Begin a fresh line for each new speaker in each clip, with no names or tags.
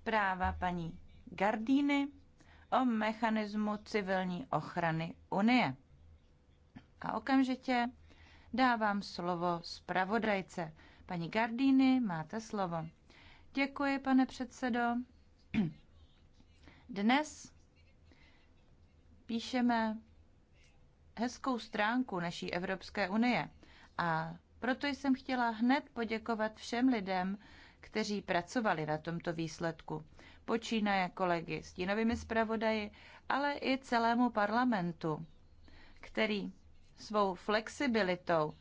Zpráva paní Gardíny o mechanismu civilní ochrany Unie. A okamžitě dávám slovo zpravodajce. Paní Gardíny, máte slovo. Děkuji, pane předsedo. Dnes píšeme hezkou stránku naší Evropské unie a proto jsem chtěla hned poděkovat všem lidem, kteří pracovali na tomto výsledku. Počínaje kolegy stínovými zpravodaji, ale i celému parlamentu, který svou flexibilitou,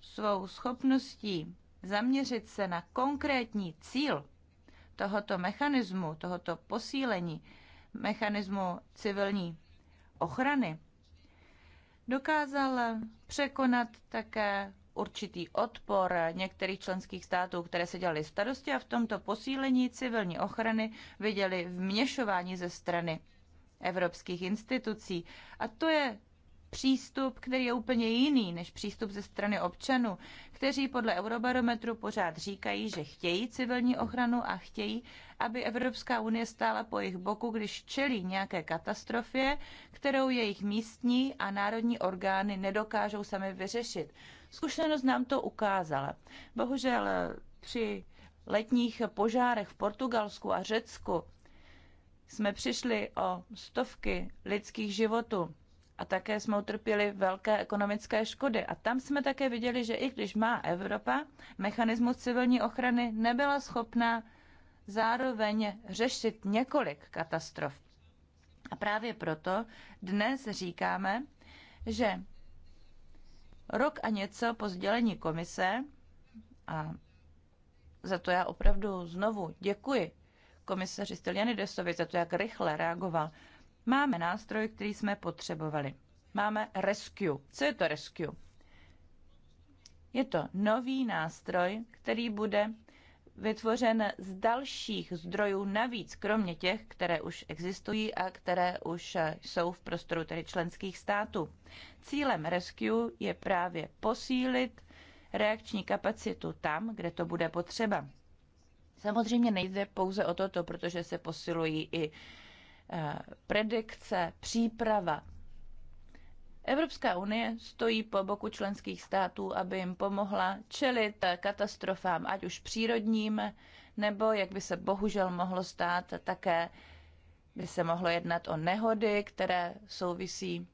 svou schopností zaměřit se na konkrétní cíl tohoto mechanismu, tohoto posílení mechanismu civilní ochrany, dokázal překonat také určitý odpor některých členských států, které se dělaly starosti a v tomto posílení civilní ochrany viděli vměšování ze strany evropských institucí. A to je přístup, který je úplně jiný než přístup ze strany občanů, kteří podle Eurobarometru pořád říkají, že chtějí civilní ochranu a chtějí, aby Evropská unie stála po jejich boku, když čelí nějaké katastrofě, kterou jejich místní a národní orgány nedokážou sami vyřešit. Zkušenost nám to ukázala. Bohužel eh, při letních požárech v Portugalsku a Řecku jsme přišli o stovky lidských životů a také jsme utrpěli velké ekonomické škody. A tam jsme také viděli, že i když má Evropa, mechanismus civilní ochrany nebyla schopná zároveň řešit několik katastrof. A právě proto dnes říkáme, že Rok a něco po sdělení komise, a za to já opravdu znovu děkuji komisaři Stylianidesovi za to, jak rychle reagoval, máme nástroj, který jsme potřebovali. Máme Rescue. Co je to Rescue? Je to nový nástroj, který bude vytvořen z dalších zdrojů navíc, kromě těch, které už existují a které už jsou v prostoru tedy členských států. Cílem Rescue je právě posílit reakční kapacitu tam, kde to bude potřeba. Samozřejmě nejde pouze o toto, protože se posilují i eh, predikce, příprava Evropská unie stojí po boku členských států, aby jim pomohla čelit katastrofám, ať už přírodním, nebo, jak by se bohužel mohlo stát, také by se mohlo jednat o nehody, které souvisí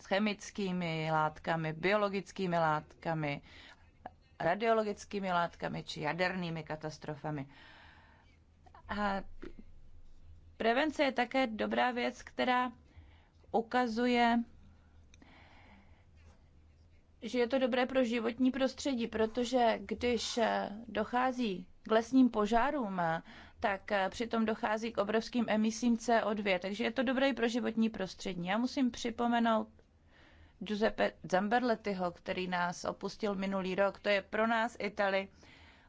s chemickými látkami, biologickými látkami, radiologickými látkami či jadernými katastrofami. A prevence je také dobrá věc, která ukazuje, že je to dobré pro životní prostředí, protože když dochází k lesním požárům, tak přitom dochází k obrovským emisím CO2, takže je to dobré pro životní prostředí. Já musím připomenout Giuseppe Zamberletyho, který nás opustil minulý rok. To je pro nás Itali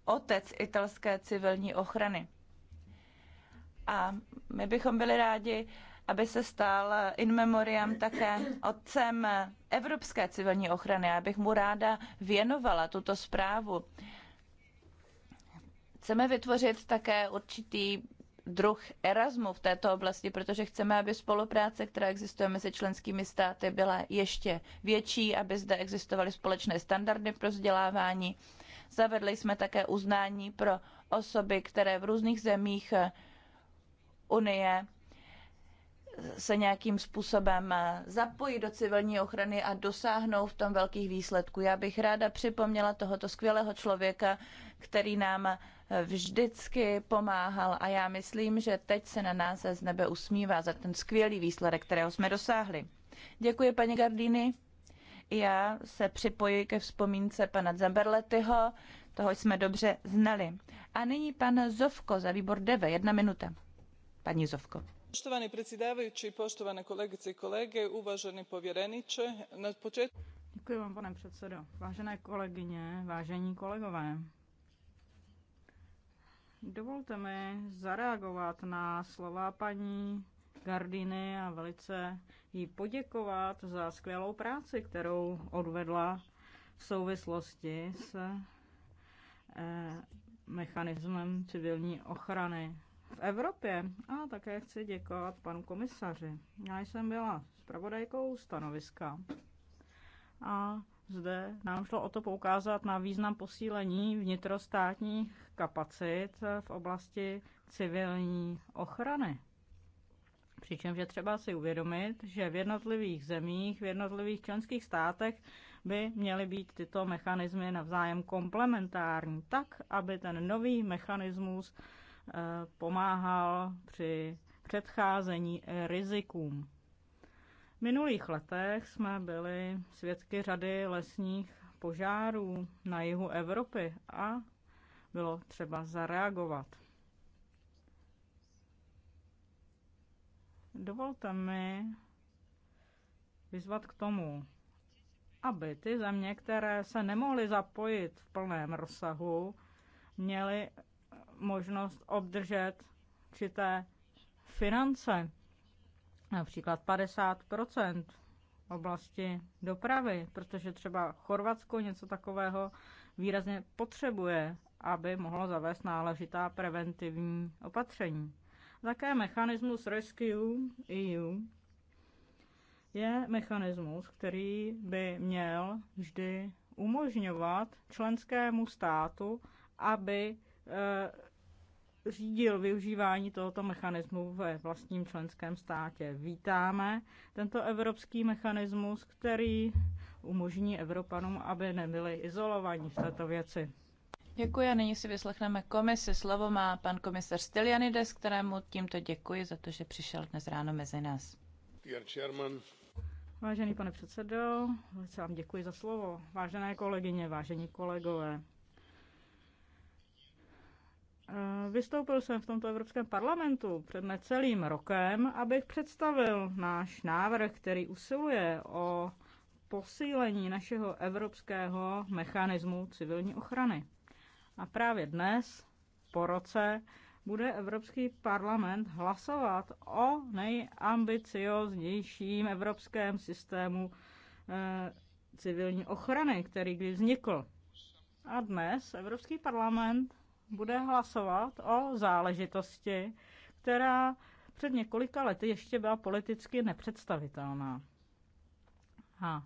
otec italské civilní ochrany. A my bychom byli rádi, aby se stal in memoriam také otcem Evropské civilní ochrany. Já bych mu ráda věnovala tuto zprávu. Chceme vytvořit také určitý druh Erasmu v této oblasti, protože chceme, aby spolupráce, která existuje mezi členskými státy, byla ještě větší, aby zde existovaly společné standardy pro vzdělávání. Zavedli jsme také uznání pro osoby, které v různých zemích Unie se nějakým způsobem eh, zapojit do civilní ochrany a dosáhnou v tom velkých výsledků. Já bych ráda připomněla tohoto skvělého člověka, který nám eh, vždycky pomáhal a já myslím, že teď se na nás z nebe usmívá za ten skvělý výsledek, kterého jsme dosáhli. Děkuji, paní Gardini. Já se připojuji ke vzpomínce pana Zamberletyho, toho jsme dobře znali. A nyní pan Zovko za výbor DEVE, jedna minuta. Paní
Zovko poštovani predsjedavajui potovane kolegice i kolege uvaeni povjerenie na poetku Děkuji vám, pane kolegyně, vážení kolegové. Dovolte mi zareagovat na slova paní Gardiny a velice jí poděkovat za skvělou práci, kterou odvedla v souvislosti s eh, mechanismem civilní ochrany v Evropě. A také chci děkovat panu komisaři. Já jsem byla zpravodajkou stanoviska a zde nám šlo o to poukázat na význam posílení vnitrostátních kapacit v oblasti civilní ochrany. Přičemž je třeba si uvědomit, že v jednotlivých zemích, v jednotlivých členských státech by měly být tyto mechanismy navzájem komplementární, tak aby ten nový mechanismus Eh, pomáhal při předcházení rizikům. V minulých letech jsme byli svědky řady lesních požárů na jihu Evropy a bylo třeba zareagovat. Dovolte mi vyzvat k tomu, aby ty země, které se nemohly zapojit v plném rozsahu, měly možnost obdržet určité finance, například 50 oblasti dopravy, protože třeba Chorvatsko něco takového výrazně potřebuje, aby mohlo zavést náležitá preventivní opatření. Také mechanismus Rescue EU je mechanismus, který by měl vždy umožňovat členskému státu, aby eh, řídil využívání tohoto mechanismu ve vlastním členském státě. Vítáme tento evropský mechanismus, který umožní Evropanům, aby nebyli izolovaní v této věci.
Děkuji a nyní si vyslechneme komisi. Slovo má pan komisař Stylianides, kterému tímto děkuji
za to, že přišel dnes ráno mezi nás. Vážený pane předsedo, vám děkuji za slovo. Vážené kolegyně, vážení kolegové, Eh, vystoupil jsem v tomto Evropském parlamentu před necelým rokem, abych představil náš návrh, který usiluje o posílení našeho evropského mechanismu civilní ochrany. A právě dnes, po roce, bude Evropský parlament hlasovat o nejambicioznějším evropském systému eh, civilní ochrany, který kdy vznikl. A dnes Evropský parlament bude hlasovat o záležitosti, která před několika lety ještě byla politicky nepředstavitelná. A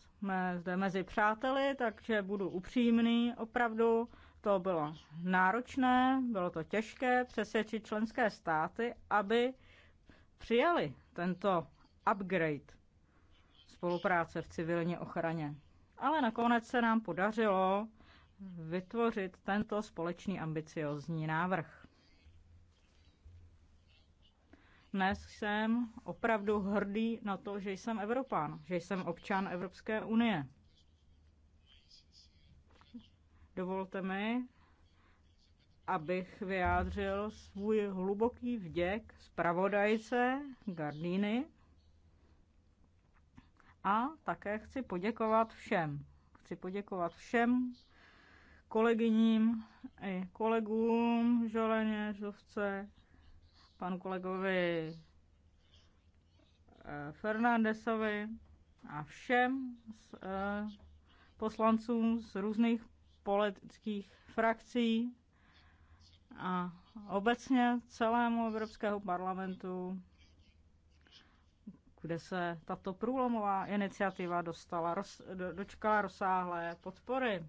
jsme zde mezi přáteli, takže budu upřímný. Opravdu to bylo náročné, bylo to těžké přesvědčit členské státy, aby přijali tento upgrade spolupráce v civilní ochraně. Ale nakonec se nám podařilo vytvořit tento společný ambiciozní návrh. Dnes jsem opravdu hrdý na to, že jsem Evropán, že jsem občan Evropské unie. Dovolte mi, abych vyjádřil svůj hluboký vděk zpravodajce Gardíny a také chci poděkovat všem. Chci poděkovat všem kolegyním i kolegům Žoleně, Žovce, panu kolegovi eh, Fernandesovi a všem z, eh, poslancům z různých politických frakcí a obecně celému Evropského parlamentu, kde se tato průlomová iniciativa dostala, roz, do, dočkala rozsáhlé podpory.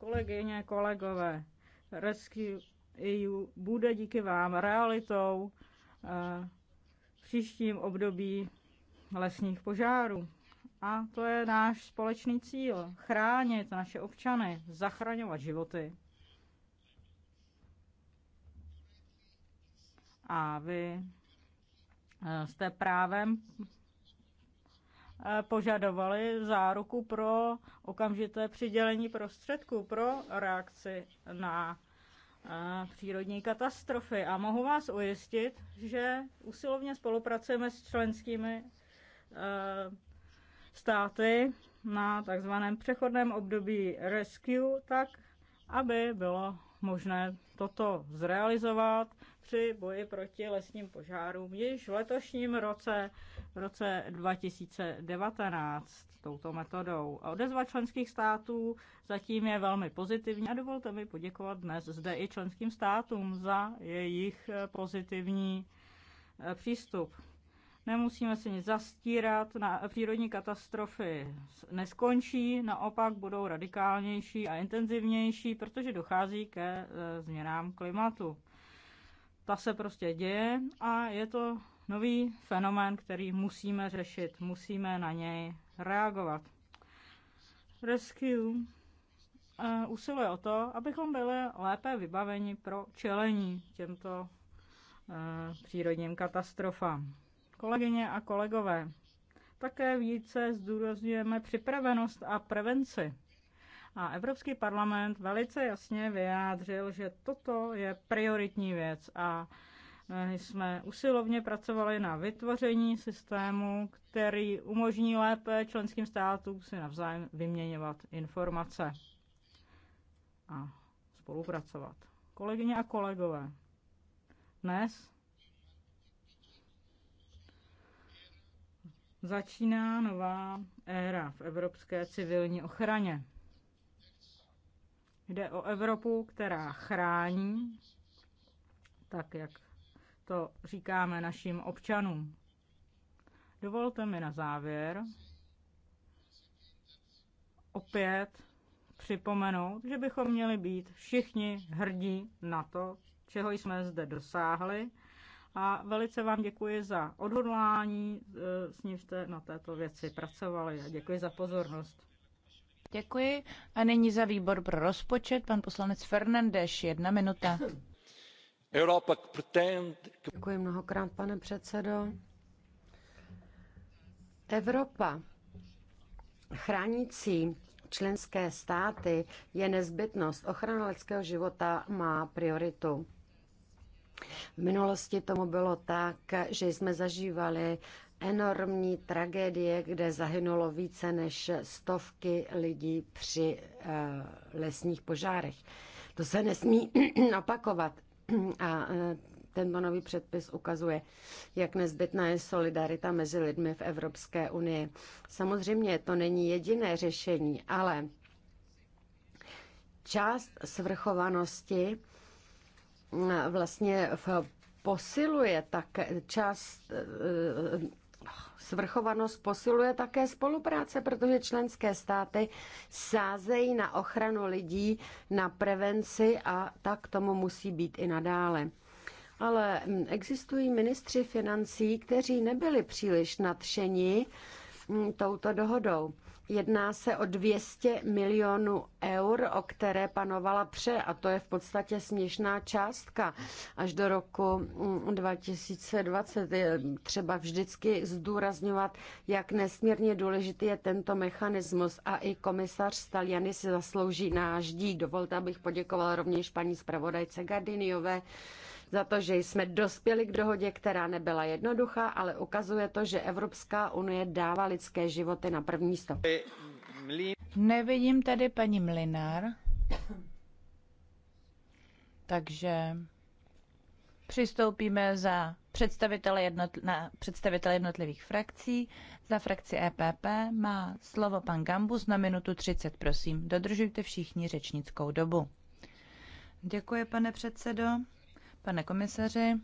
Kolegyně, kolegové, Rescue EU bude díky vám realitou eh, v příštím období lesních požárů. A to je náš společný cíl. Chránit naše občany, zachraňovat životy. A vy eh, jste právem Eh, požadovali záruku pro okamžité přidělení prostředků pro reakci na eh, přírodní katastrofy. A mohu vás ujistit, že usilovně spolupracujeme s členskými eh, státy na takzvaném přechodném období rescue, tak aby bylo možné toto zrealizovat při boji proti lesním požárům již v letošním roce v roce 2019 touto metodou. A odezva členských států zatím je velmi pozitivní a dovolte mi poděkovat dnes zde i členským státům za jejich eh, pozitivní eh, přístup. Nemusíme si nic zastírat, na, přírodní katastrofy neskončí, naopak budou radikálnější a intenzivnější, protože dochází ke eh, změnám klimatu. Ta se prostě děje a je to nový fenomén, který musíme řešit, musíme na něj reagovat. Rescue eh, usiluje o to, abychom byli lépe vybaveni pro čelení těmto eh, přírodním katastrofám. Kolegyně a kolegové, také více zdůrazňujeme připravenost a prevenci. A Evropský parlament velice jasně vyjádřil, že toto je prioritní věc a my eh, jsme usilovně pracovali na vytvoření systému, který umožní lépe členským státům si navzájem vyměňovat informace a spolupracovat. Kolegyně a kolegové, dnes začíná nová éra v evropské civilní ochraně. Jde o Evropu, která chrání, tak jak to říkáme našim občanům. Dovolte mi na závěr opět připomenout, že bychom měli být všichni hrdí na to, čeho jsme zde dosáhli. A velice vám děkuji za odhodlání, e, s ním jste na této věci pracovali a děkuji za pozornost. Děkuji. A nyní za výbor pro
rozpočet pan poslanec Fernandeš, jedna minuta.
Děkuji mnohokrát, pane předsedající Evropa chránící členské státy je nezbytnost. Ochrana lidského života má prioritu. V minulosti tomu bylo tak, že jsme zažívali enormní tragédie, kde zahynulo více než stovky lidí při eh, lesních požárech. To se nesmí opakovat. A e, tento nový předpis ukazuje, jak nezbytná je solidarita mezi lidmi v Evropské unii. Samozřejmě to není jediné řešení, ale část svrchovanosti e, vlastně v posiluje tak část e, svrchovanost posiluje také spolupráce, protože členské státy sázejí na ochranu lidí, na prevenci a tak tomu musí být i nadále. Ale existují ministři financí, kteří nebyli příliš nadšení mm, touto dohodou. Jedná se o 200 milionů eur, o které panovala pře, a to je v podstatě směšná částka. Až do roku 2020 mm, je třeba vždycky zdůrazňovat, jak nesmírně důležitý je tento mechanismus a i komisař Staliany si zaslouží náš dík. Dovolte, abych poděkovala rovněž paní zpravodajce Gardiniové za to, že jsme dospěli k dohodě, která nebyla jednoduchá, ale ukazuje to, že Evropská unie dává lidské životy na první stop.
Nevidím tady paní Mlinár, takže přistoupíme za představitele, jednotl- na představitele jednotlivých frakcí. Za frakci EPP má slovo pan Gambus na minutu 30, prosím. Dodržujte všichni řečnickou dobu. Děkuji, pane předsedo pane komisaři.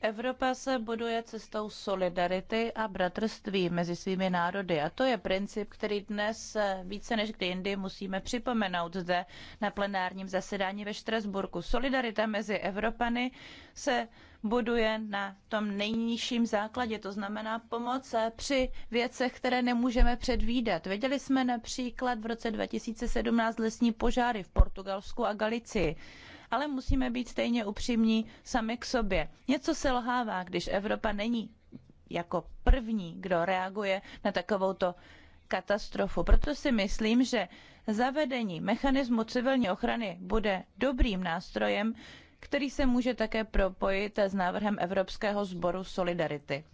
Evropa se buduje cestou solidarity a bratrství mezi svými národy a to je princip, který dnes více než kdy jindy musíme připomenout zde na plenárním zasedání ve Štrasburku. Solidarita mezi Evropany se buduje na tom nejnižším základě, to znamená pomoc při věcech, které nemůžeme předvídat. Věděli jsme například v roce 2017 lesní požáry v Portugalsku a Galicii ale musíme být stejně upřímní sami k sobě. Něco se lhává, když Evropa není jako první, kdo reaguje na takovouto katastrofu. Proto si myslím, že zavedení mechanismu civilní ochrany bude dobrým nástrojem, který se může také propojit s návrhem Evropského sboru Solidarity.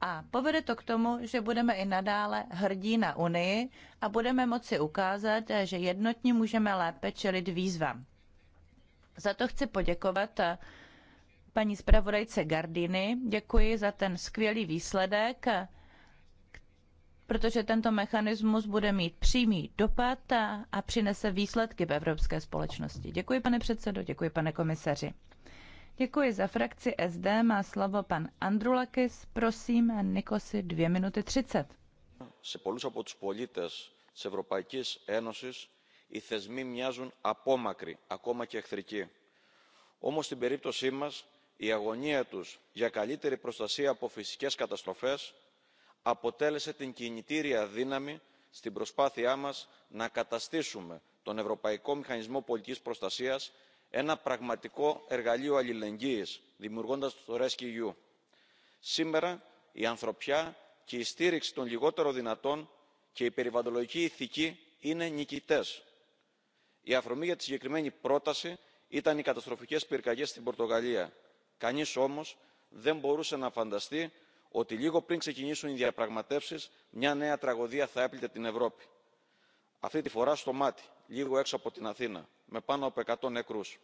A povede to k tomu, že budeme i nadále hrdí na Unii a budeme moci ukázat, že jednotně můžeme lépe čelit výzvám. Za to chci poděkovat eh, paní zpravodajce Gardiny. Děkuji za ten skvělý výsledek, eh, protože tento mechanismus bude mít přímý dopad eh, a přinese výsledky v evropské společnosti. Děkuji, pane předsedo, děkuji, pane komisaři. Děkuji za frakci SD. Má slovo pan Andrulakis. Prosím, Nikosi, dvě minuty třicet.
Se πολλούς από τους πολίτες της οι θεσμοί μοιάζουν απόμακροι ακόμα και εχθρικοί. όμως στην περίπτωσή μας η αγωνία τους για καλύτερη προστασία από φυσικές καταστροφές αποτέλεσε την κινητήρια δύναμη στην προσπάθειά μας να καταστήσουμε τον ευρωπαϊκό μηχανισμό πολιτικής προστασίας ένα πραγματικό εργαλείο αλληλεγγύης δημιουργώντας το resceu. σήμερα η ανθρωπιά και η στήριξη των λιγότερο δυνατών και η περιβαλλοντολογική ηθική είναι νικητές η αφορμή για τη συγκεκριμένη πρόταση ήταν οι καταστροφικές πυρκαγιές στην πορτογαλία. κανείς όμως δεν μπορούσε να φανταστεί ότι λίγο πριν ξεκινήσουν οι διαπραγματεύσεις μια νέα τραγωδία θα έπληκε την ευρώπη. αυτή τη φορά στο μάτι λίγο έξω από την αθήνα με πάνω από 100 νεκρούς.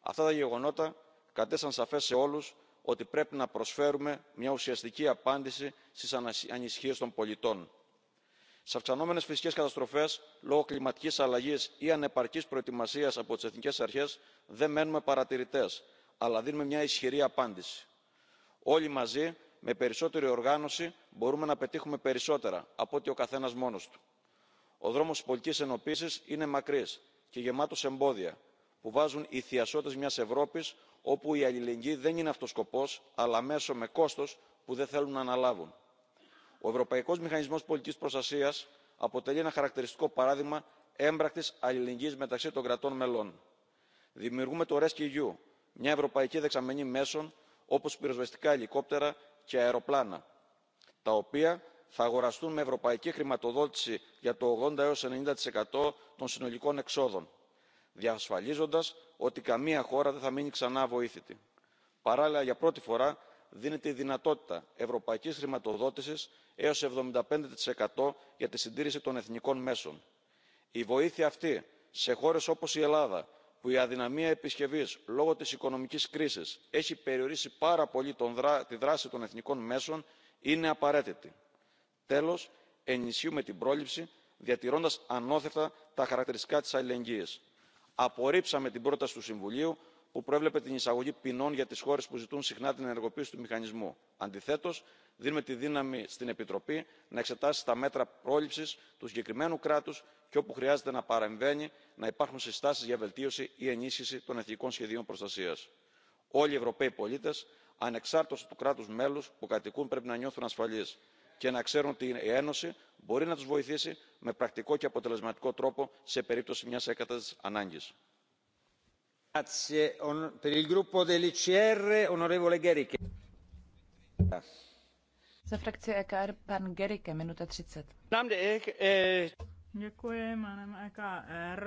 αυτά τα γεγονότα κατέστησαν σαφές σε όλους ότι πρέπει να προσφέρουμε μια ουσιαστική απάντηση στις ανησυχίες των πολιτών στι αυξανόμενε φυσικέ καταστροφέ λόγω κλιματική αλλαγή ή ανεπαρκή προετοιμασία από τι εθνικέ αρχέ δεν μένουμε παρατηρητέ αλλά δίνουμε μια ισχυρή απάντηση. όλοι μαζί με περισσότερη οργάνωση μπορούμε να πετύχουμε περισσότερα από ότι ο καθένα μόνο του. ο δρόμο τη πολιτική ενοποίηση είναι μακρύ και γεμάτο εμπόδια που βάζουν οι θειασότες μια ευρώπη όπου η αλληλεγγύη δεν είναι αυτοσκοπό αλλά μέσο με κόστο που δεν θέλουν να αναλάβουν ο ευρωπαϊκός μηχανισμός πολιτικής προστασίας αποτελεί ένα χαρακτηριστικό παράδειγμα έμπρακτης αλληλεγγύης μεταξύ των κρατών μελών. δημιουργούμε το resceu μια ευρωπαϊκή δεξαμενή μέσων όπως πυροσβεστικά ελικόπτερα και αεροπλάνα τα οποία θα αγοραστούν με ευρωπαϊκή χρηματοδότηση για το 80 έως 90% των συνολικών εξόδων διασφαλίζοντας ότι καμία χώρα δεν θα μείνει ξανά αβοήθητη. παράλληλα για πρώτη φορά δίνεται η δυνατότητα ευρωπαϊκής χρηματοδότησης έως εβδομήντα πέντε για τη συντήρηση των εθνικών μέσων. η βοήθεια αυτή σε χώρες όπως η ελλάδα που η αδυναμία επισκευής λόγω της οικονομικής κρίσης έχει περιορίσει πάρα πολύ τη δράση των εθνικών μέσων είναι απαραίτητη. τέλος ενισχύουμε την πρόληψη διατηρώντας ανώθευτα τα χαρακτηριστικά της αλληλεγγύης. απορρίψαμε την πρόταση του συμβουλίου που προέβλεπε την εισαγωγή ποινών για τις χώρες που ζητούν συχνά την ενεργοποίηση του μηχανισμού. αντιθέτως δίνουμε τη δύναμη στην επιτροπή να εξετάσει τα μέτρα πρόληψης του συγκεκριμένου κράτους και όπου χρειάζεται να παρεμβαίνει να υπάρχουν συστάσεις για βελτίωση ή ενίσχυση των εθνικών σχεδίων προστασίας. όλοι οι ευρωπαίοι πολίτες ανεξάρτητα του κράτους μέλους που κατοικούν πρέπει να νιώθουν ασφαλείς και να ξέρουν ότι η ένωση μπορεί να τους βοηθήσει με πρακτικό και αποτελεσματικό τρόπο σε περίπτωση μιας έκτακτης ανάγκης.
Za frakci e pan
eh, Děkuji, jménem EKR.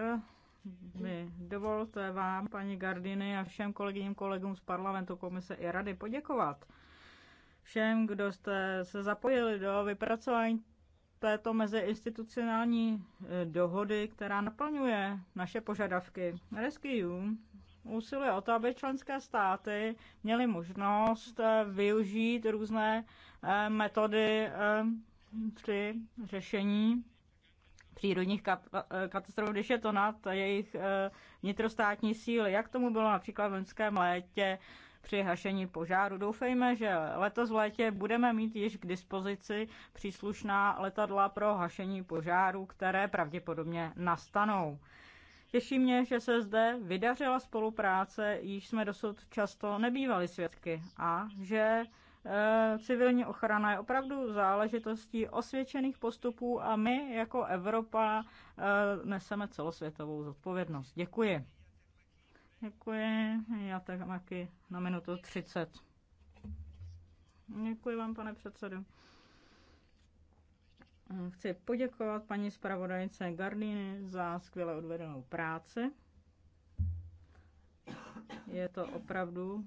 dovolte vám, paní Gardiny a všem kolegyním kolegům z parlamentu, komise i rady poděkovat. Všem, kdo jste se zapojili do vypracování této meziinstitucionální eh, dohody, která naplňuje naše požadavky. Rescue usiluje o to, aby členské státy měly možnost eh, využít různé eh, metody eh, při řešení přírodních katastrof, když je to nad jejich vnitrostátní síly, jak tomu bylo například v loňském létě při hašení požáru. Doufejme, že letos v létě budeme mít již k dispozici příslušná letadla pro hašení požáru, které pravděpodobně nastanou. Těší mě, že se zde vydařila spolupráce, již jsme dosud často nebývali svědky a že e, civilní ochrana je opravdu záležitostí osvědčených postupů a my jako Evropa e, neseme celosvětovou zodpovědnost. Děkuji. Děkuji. Já tak na minutu 30. Děkuji vám, pane předsedo. Chci poděkovat paní zpravodajce Gardiny za skvěle odvedenou práci. Je to opravdu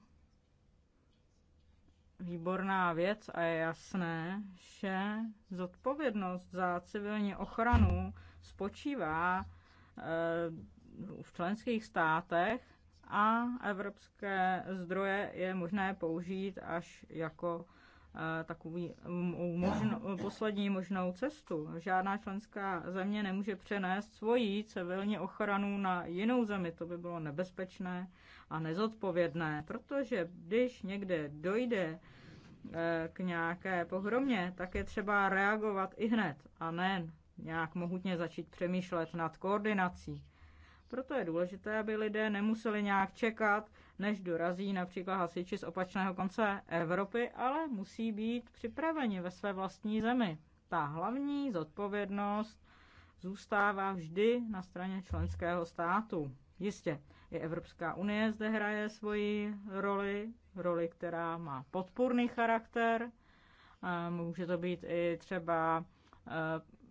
výborná věc a je jasné, že zodpovědnost za civilní ochranu spočívá eh, v členských státech a evropské zdroje je možné použít až jako Eh, takový eh, možno, eh, poslední možnou cestu. Žádná členská země nemůže přenést svoji civilní ochranu na jinou zemi. To by bylo nebezpečné a nezodpovědné, protože když někde dojde k nějaké pohromě, tak je třeba reagovat i hned a ne nějak mohutně začít přemýšlet nad koordinací. Proto je důležité, aby lidé nemuseli nějak čekat, než dorazí například hasiči z opačného konce Evropy, ale musí být připraveni ve své vlastní zemi. Ta hlavní zodpovědnost zůstává vždy na straně členského státu. Jistě, i Evropská unie zde hraje svoji roli, roli, která má podpůrný charakter. Může to být i třeba eh,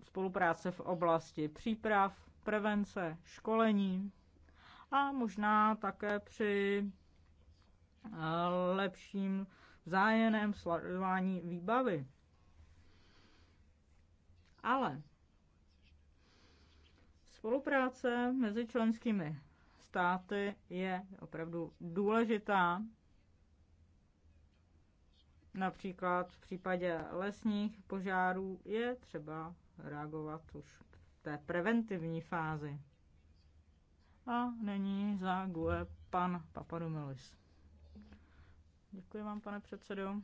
spolupráce v oblasti příprav, prevence, školení a možná také při eh, lepším zájeném sledování výbavy. Ale spolupráce mezi členskými státy je opravdu důležitá. Například v případě lesních požárů je třeba reagovat už v té preventivní fázi. A není za GUE pan Papadomilis. Děkuji vám, pane předsedo.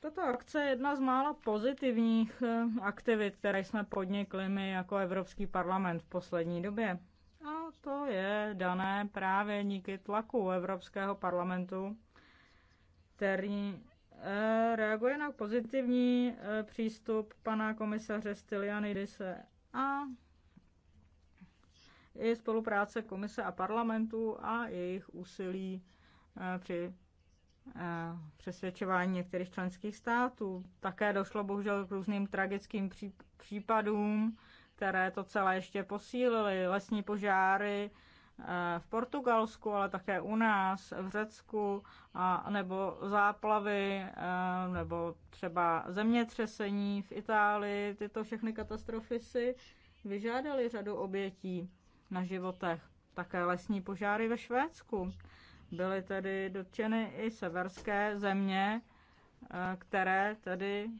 Tato akce je jedna z mála pozitivních eh, aktivit, které jsme podnikli my jako Evropský parlament v poslední době. A to je dané právě díky tlaku Evropského parlamentu, který Eh, reaguje na pozitivní eh, přístup pana komisaře Stylianidise a i spolupráce komise a parlamentu a jejich úsilí eh, při přesvědčování některých členských států. Také došlo bohužel k různým tragickým případům, které to celé ještě posílily. Lesní požáry, v Portugalsku, ale také u nás, v Řecku, a, nebo záplavy, a, e, nebo třeba zemětřesení v Itálii. Tyto všechny katastrofy si vyžádaly řadu obětí na životech. Také lesní požáry ve Švédsku. Byly tedy dotčeny i severské země, e, které tedy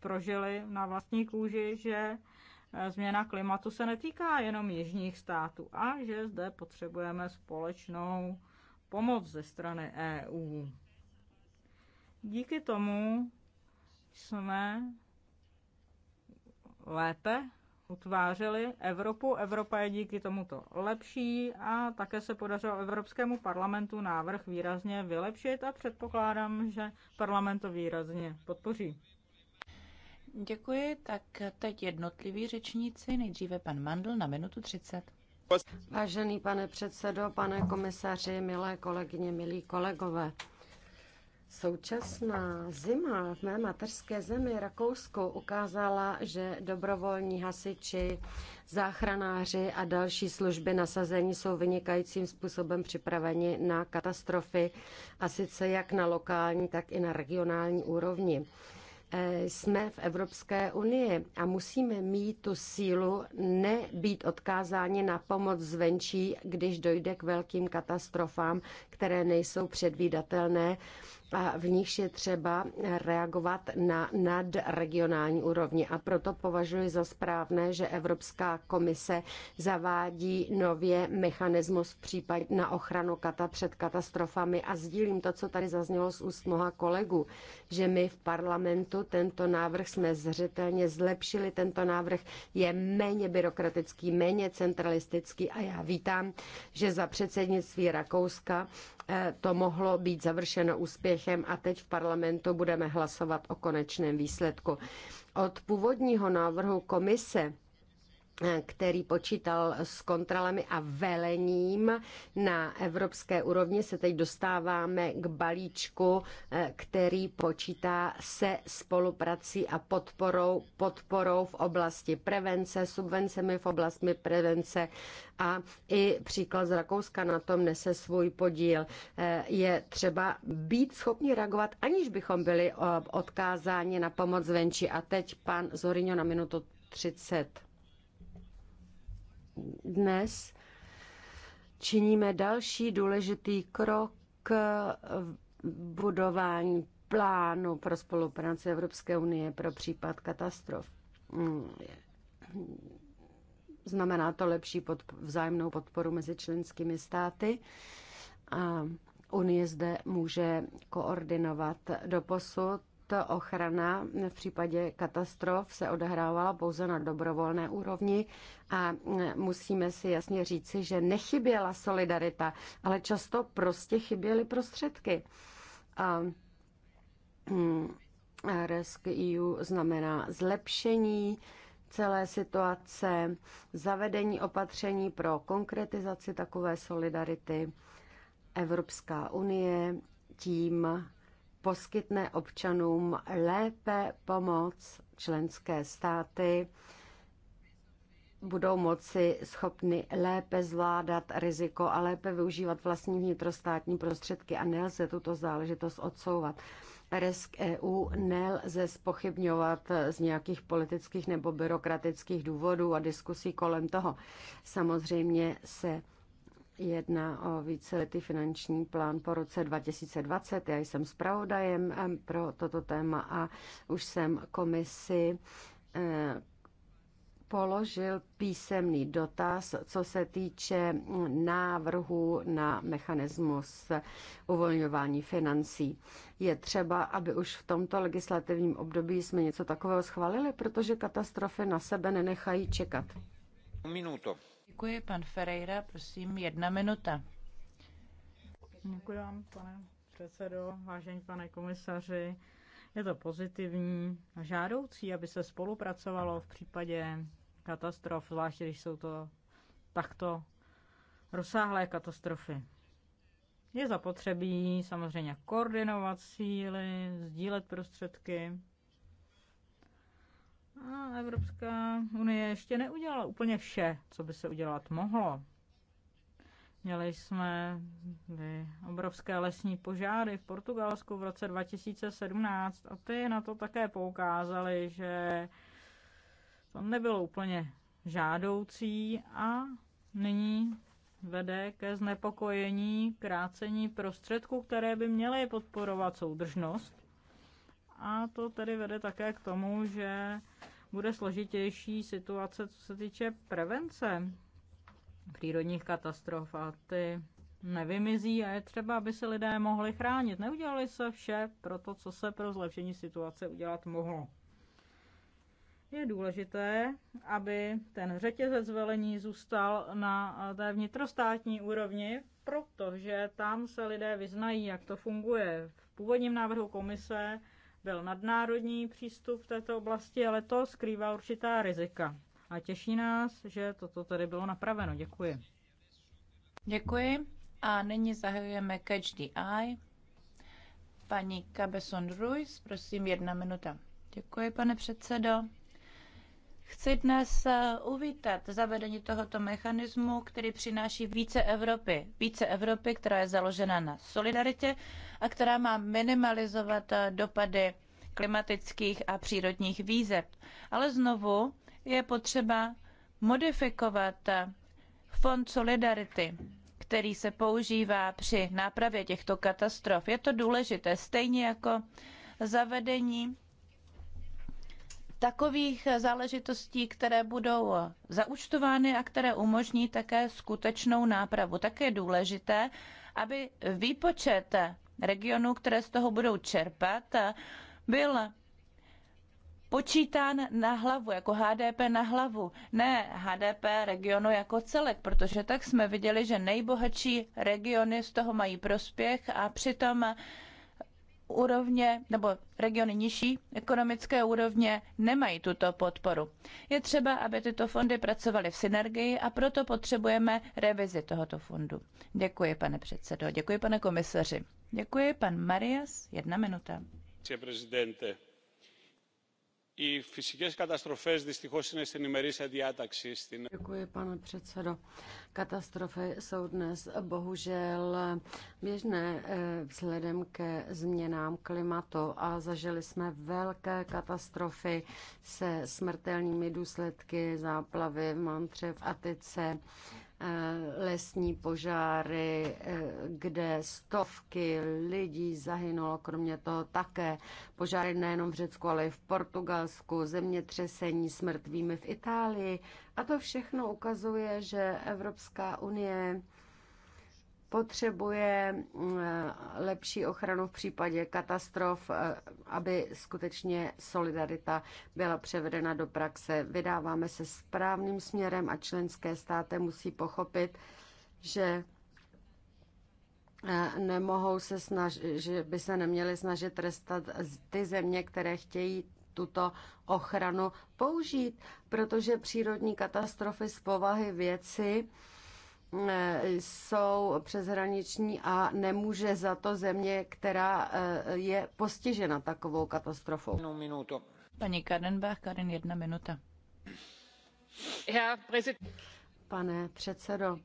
prožily na vlastní kůži, že Eh, změna klimatu se netýká jenom jižních států a že zde potřebujeme společnou pomoc ze strany EU. Díky tomu jsme lépe utvářeli Evropu. Evropa je díky tomuto lepší a také se podařilo Evropskému parlamentu návrh výrazně vylepšit a předpokládám, že parlament to výrazně podpoří. Děkuji, tak teď
jednotliví řečníci, nejdříve pan Mandl na minutu 30. Vážený pane předsedo, pane komisaři, milé kolegyně, milí kolegové. Současná zima v mé mateřské zemi Rakousku ukázala, že dobrovolní hasiči, záchranáři a další služby nasazení jsou vynikajícím způsobem připraveni na katastrofy, a sice jak na lokální, tak i na regionální úrovni. Eh, jsme v Evropské unii a musíme mít tu sílu nebýt odkázáni na pomoc zvenčí, když dojde k velkým katastrofám, které nejsou předvídatelné a v nich je třeba reagovat na nadregionální úrovni. A proto považuji za správné, že Evropská komise zavádí nově mechanismus v případě na ochranu kata před katastrofami a sdílím to, co tady zaznělo z úst mnoha kolegů, že my v parlamentu tento návrh jsme zřetelně zlepšili. Tento návrh je méně byrokratický, méně centralistický a já vítám, že za předsednictví Rakouska Eh, to mohlo být završeno úspěchem a teď v parlamentu budeme hlasovat o konečném výsledku. Od původního návrhu komise který počítal s kontrolami a velením na evropské úrovni, se teď dostáváme k balíčku, eh, který počítá se spoluprací a podporou, podporou v oblasti prevence, subvencemi v oblasti prevence a i příklad z Rakouska na tom nese svůj podíl. Eh, je třeba být schopni reagovat, aniž bychom byli eh, odkázáni na pomoc venčí. A teď pan Zorino na minutu 30 dnes činíme další důležitý krok k budování plánu pro spolupráci Evropské unie pro případ katastrof. Znamená to lepší podp- vzájemnou podporu mezi členskými státy. A Unie zde může koordinovat doposud ta ochrana v případě katastrof se odehrávala pouze na dobrovolné úrovni a musíme si jasně říci, že nechyběla solidarita, ale často prostě chyběly prostředky. A hm, eu znamená zlepšení celé situace, zavedení opatření pro konkretizaci takové solidarity. Evropská unie tím poskytne občanům lépe pomoc členské státy, budou moci schopny lépe zvládat riziko a lépe využívat vlastní vnitrostátní prostředky a nelze tuto záležitost odsouvat. Risk EU nelze spochybňovat z nějakých politických nebo byrokratických důvodů a diskusí kolem toho. Samozřejmě se jedná o víceletý finanční plán po roce 2020. Já jsem zpravodajem pro toto téma a už jsem komisi eh, položil písemný dotaz, co se týče návrhu na mechanismus uvolňování financí. Je třeba, aby už v tomto legislativním období jsme něco takového schválili, protože katastrofy na sebe nenechají čekat.
Minuto.
Děkuji, pan Ferreira, prosím, jedna minuta.
Děkuji vám, pane předsedo, vážení pane komisaři. Je to pozitivní a žádoucí, aby se spolupracovalo v případě katastrof, zvláště když jsou to takto rozsáhlé katastrofy. Je zapotřebí samozřejmě koordinovat síly, sdílet prostředky, a Evropská unie ještě neudělala úplně vše, co by se udělat mohlo. Měli jsme obrovské lesní požáry v Portugalsku v roce 2017 a ty na to také poukázali, že to nebylo úplně žádoucí a nyní vede ke znepokojení krácení prostředků, které by měly podporovat soudržnost. A to tedy vede také k tomu, že bude složitější situace, co se týče prevence přírodních katastrof a ty nevymizí a je třeba, aby se lidé mohli chránit. Neudělali se vše pro to, co se pro zlepšení situace udělat mohlo. Je důležité, aby ten řetězec velení zůstal na té vnitrostátní úrovni, protože tam se lidé vyznají, jak to funguje. V původním návrhu komise byl nadnárodní přístup v této oblasti, ale to skrývá určitá rizika. A těší nás, že toto tady bylo napraveno. Děkuji. Děkuji. A
nyní zahajujeme Catch the Eye. Paní Cabeson Ruiz, prosím, jedna minuta. Děkuji, pane předsedo. Chci dnes eh, uvítat zavedení tohoto mechanismu, který přináší více Evropy. Více Evropy, která je založena na solidaritě a která má minimalizovat eh, dopady klimatických a přírodních výzev. Ale znovu je potřeba modifikovat eh, fond solidarity, který se používá při nápravě těchto katastrof. Je to důležité, stejně jako zavedení takových záležitostí, které budou zaučtovány a které umožní také skutečnou nápravu. Také je důležité, aby výpočet regionů, které z toho budou čerpat, byl počítán na hlavu, jako HDP na hlavu, ne HDP regionu jako celek, protože tak jsme viděli, že nejbohatší regiony z toho mají prospěch a přitom úrovně nebo regiony nižší ekonomické úrovně nemají tuto podporu. Je třeba, aby tyto fondy pracovaly v synergii a proto potřebujeme revizi tohoto fondu. Děkuji, pane předsedo, děkuji, pane komisaři. Děkuji, pan Marias, jedna minuta.
Děkuji,
pane předsedo. Katastrofy jsou dnes bohužel běžné eh, vzhledem ke změnám klimatu a zažili jsme velké katastrofy se smrtelnými důsledky záplavy v Mantře v Atice Eh, lesní požáry, eh, kde stovky lidí zahynulo, kromě toho také požáry nejenom v Řecku, ale i v Portugalsku, zemětřesení s mrtvými v Itálii. A to všechno ukazuje, že Evropská unie potřebuje mm, lepší ochranu v případě katastrof, eh, aby skutečně solidarita byla převedena do praxe. Vydáváme se správným směrem a členské státy musí pochopit, že eh, nemohou se snažit, že by se neměly snažit trestat ty země, které chtějí tuto ochranu použít, protože přírodní katastrofy z povahy věci E, jsou přeshraniční a nemůže za to země, která e, je postižena takovou katastrofou. Pani
Paní Kadenbach, Karin, jedna minuta.
Pane předsedo,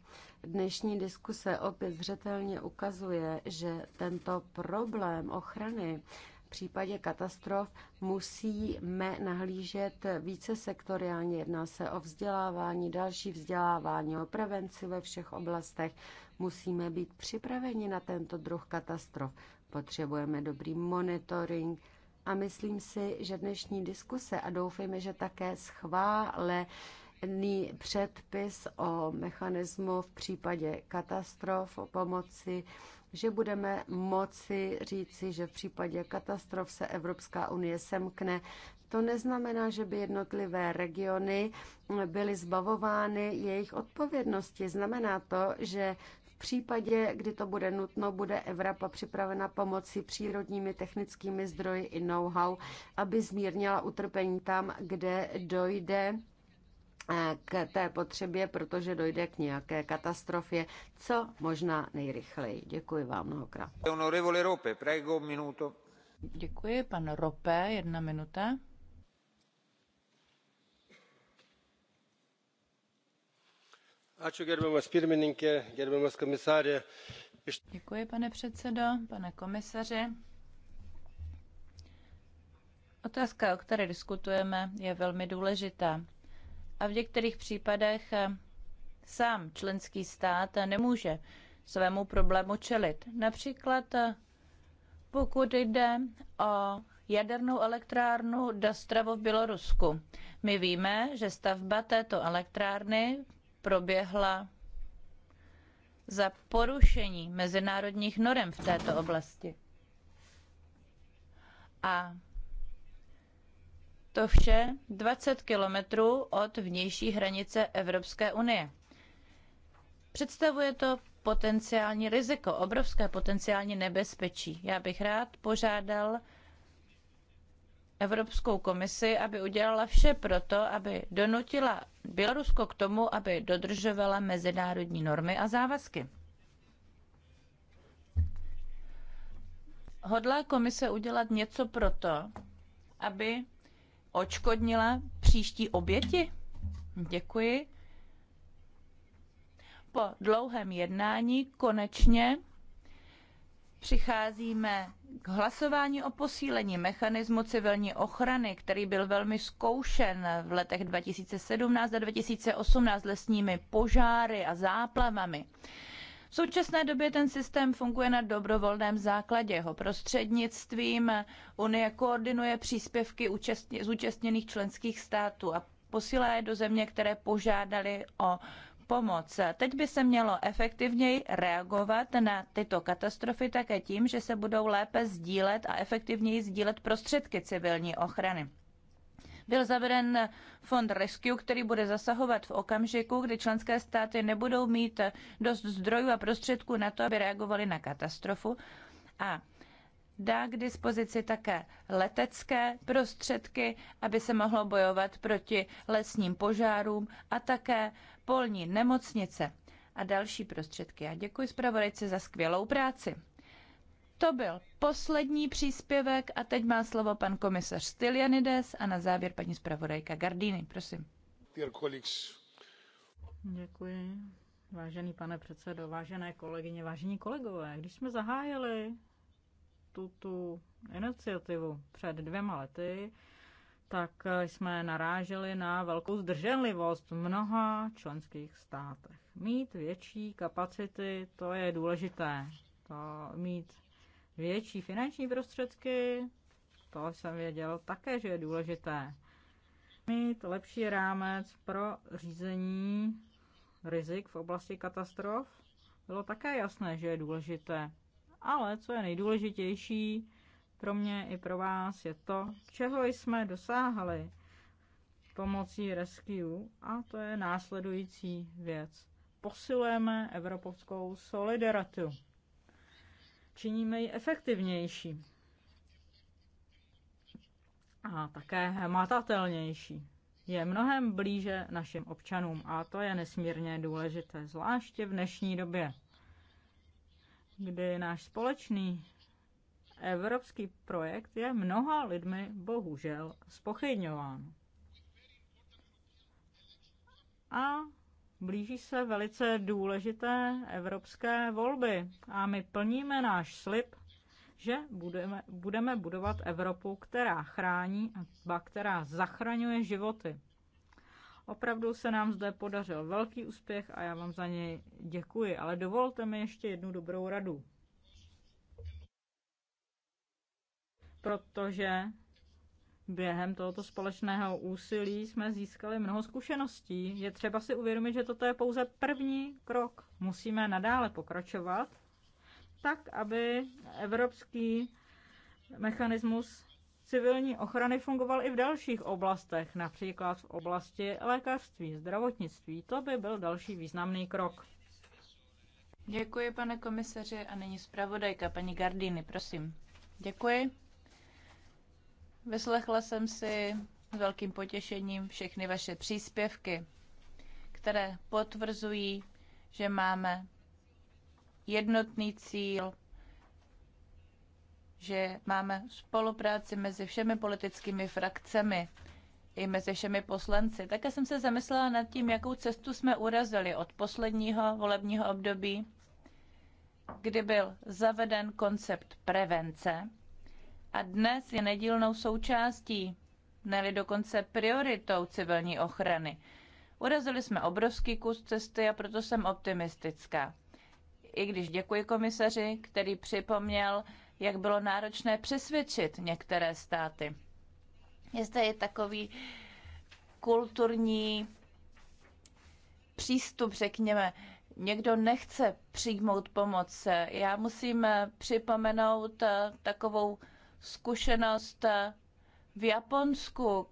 dnešní diskuse opět zřetelně ukazuje, že tento problém ochrany v případě katastrof musíme nahlížet více sektoriálně. Jedná se o vzdělávání, další vzdělávání, o prevenci ve všech oblastech. Musíme být připraveni na tento druh katastrof. Potřebujeme dobrý monitoring, a myslím si, že dnešní diskuse a doufejme, že také schválený předpis o mechanismu v případě katastrof o pomoci že budeme moci říci, že v případě katastrof se Evropská unie semkne. To neznamená, že by jednotlivé regiony byly zbavovány jejich odpovědnosti. Znamená to, že v případě, kdy to bude nutno, bude Evropa připravena pomoci přírodními technickými zdroji i know-how, aby zmírnila utrpení tam, kde dojde k té potřebě, protože dojde k nějaké katastrofě, co možná nejrychleji. Děkuji vám mnohokrát.
Honorevole Rope, prego minuto.
Děkuji,
pan Rope, jedna minuta.
Ačiū gerbiamas pirmininkė, gerbiamas komisarė.
Děkuji, pane předsedo, pane komisaři. Otázka, o které diskutujeme, je velmi důležitá a v některých případech eh, sám členský stát nemůže svému problému čelit. Například eh, pokud jde o jadernou elektrárnu Dastravo v Bělorusku. My víme, že stavba této elektrárny proběhla za porušení mezinárodních norem v této oblasti. A to vše 20 kilometrů od vnější hranice Evropské unie. Představuje to potenciální riziko, obrovské potenciální nebezpečí. Já bych rád požádal Evropskou komisi, aby udělala vše proto, aby donutila Bělorusko k tomu, aby dodržovala mezinárodní normy a závazky. Hodlá komise udělat něco proto, aby očkodnila příští oběti? Děkuji. Po dlouhém jednání konečně přicházíme k hlasování o posílení mechanismu civilní ochrany, který byl velmi zkoušen v letech 2017 a 2018 lesními požáry a záplavami. V současné době ten systém funguje na dobrovolném základě. Jeho prostřednictvím Unie koordinuje příspěvky zúčastněných členských států a posílá je do země, které požádali o pomoc. Teď by se mělo efektivněji reagovat na tyto katastrofy také tím, že se budou lépe sdílet a efektivněji sdílet prostředky civilní ochrany. Byl zaveden fond Rescue, který bude zasahovat v okamžiku, kdy členské státy nebudou mít dost zdrojů a prostředků na to, aby reagovali na katastrofu. A dá k dispozici také letecké prostředky, aby se mohlo bojovat proti lesním požárům a také polní nemocnice a další prostředky. A děkuji zpravodajce za skvělou práci. To byl poslední příspěvek a teď má slovo pan komisař Stylianides a na závěr paní zpravodajka Gardini. Prosím.
Děkuji. Vážený pane předsedo, vážené kolegyně, vážení kolegové, když jsme zahájili tuto iniciativu před dvěma lety, tak jsme naráželi na velkou zdrženlivost v mnoha členských státech. Mít větší kapacity, to je důležité. To mít větší finanční prostředky, to jsem věděl také, že je důležité. Mít lepší rámec pro řízení rizik v oblasti katastrof bylo také jasné, že je důležité. Ale co je nejdůležitější pro mě i pro vás, je to, čeho jsme dosáhli pomocí Rescue, a to je následující věc. Posilujeme evropskou solidaritu činíme ji efektivnější a také hmatatelnější. Je mnohem blíže našim občanům a to je nesmírně důležité, zvláště v dnešní době, kdy náš společný evropský projekt je mnoha lidmi bohužel spochybňován. A Blíží se velice důležité evropské volby a my plníme náš slib, že budeme, budeme budovat Evropu, která chrání a která zachraňuje životy. Opravdu se nám zde podařil velký úspěch a já vám za něj děkuji, ale dovolte mi ještě jednu dobrou radu. Protože během tohoto společného úsilí jsme získali mnoho zkušeností. Je třeba si uvědomit, že toto je pouze první krok. Musíme nadále pokračovat, tak aby evropský mechanismus civilní ochrany fungoval i v dalších oblastech, například v oblasti lékařství, zdravotnictví. To by byl další významný krok. Děkuji,
pane komisaři, a nyní zpravodajka, paní Gardini, prosím. Děkuji. Vyslechla jsem si s velkým potěšením všechny vaše příspěvky, které potvrzují, že máme jednotný cíl, že máme spolupráci mezi všemi politickými frakcemi i mezi všemi poslanci. Také jsem se zamyslela nad tím, jakou cestu jsme urazili od posledního volebního období, kdy byl zaveden koncept prevence a dnes je nedílnou součástí, neli dokonce prioritou civilní ochrany. Urazili jsme obrovský kus cesty a proto jsem optimistická. I když děkuji komisaři, který připomněl, jak bylo náročné přesvědčit některé státy. Je zde i takový kulturní přístup, řekněme, někdo nechce přijmout pomoc. Já musím připomenout takovou zkušenost eh, v Japonsku,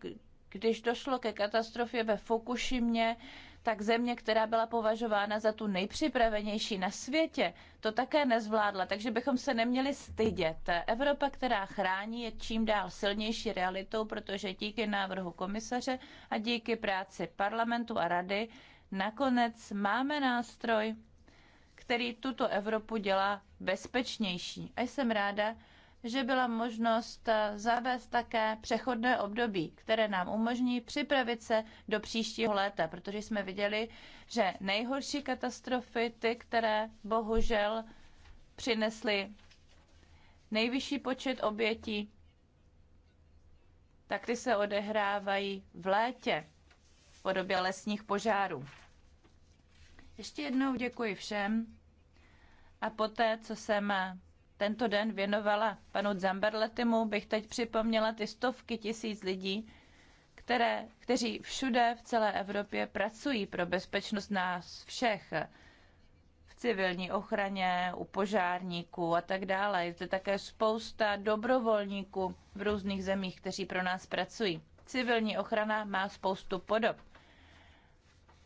když došlo ke katastrofě ve Fukushimě, tak země, která byla považována za tu nejpřipravenější na světě, to také nezvládla, takže bychom se neměli stydět. Evropa, která chrání, je čím dál silnější realitou, protože díky návrhu komisaře a díky práci parlamentu a rady nakonec máme nástroj, který tuto Evropu dělá bezpečnější. A jsem ráda, že byla možnost eh, zavést také přechodné období, které nám umožní připravit se do příštího léta, protože jsme viděli, že nejhorší katastrofy, ty, které bohužel přinesly nejvyšší počet obětí, tak ty se odehrávají v létě v podobě lesních požárů. Ještě jednou děkuji všem a poté, co jsem tento den věnovala panu Zamberletimu, bych teď připomněla ty stovky tisíc lidí, které, kteří všude v celé Evropě pracují pro bezpečnost nás všech v civilní ochraně, u požárníků a tak dále. Je zde také spousta dobrovolníků v různých zemích, kteří pro nás pracují. Civilní ochrana má spoustu podob.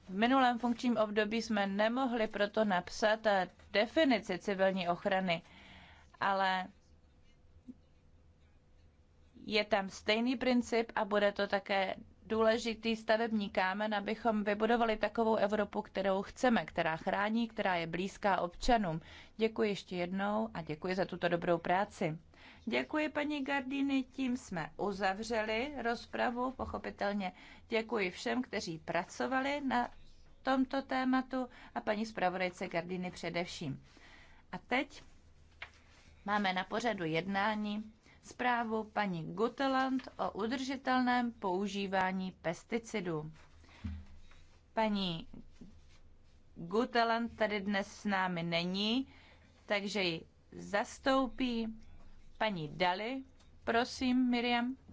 V minulém funkčním období jsme nemohli proto napsat definici civilní ochrany ale je tam stejný princip a bude to také důležitý stavební kámen, abychom vybudovali takovou Evropu, kterou chceme, která chrání, která je blízká občanům. Děkuji ještě jednou a děkuji za tuto dobrou práci. Děkuji paní Gardiny, tím jsme uzavřeli rozpravu. Pochopitelně děkuji všem, kteří pracovali na tomto tématu a paní zpravodajce Gardiny především. A teď Máme na pořadu jednání zprávu paní Guteland o udržitelném používání pesticidů. Paní Guteland tady dnes s námi není, takže ji zastoupí paní Dali. Prosím, Miriam.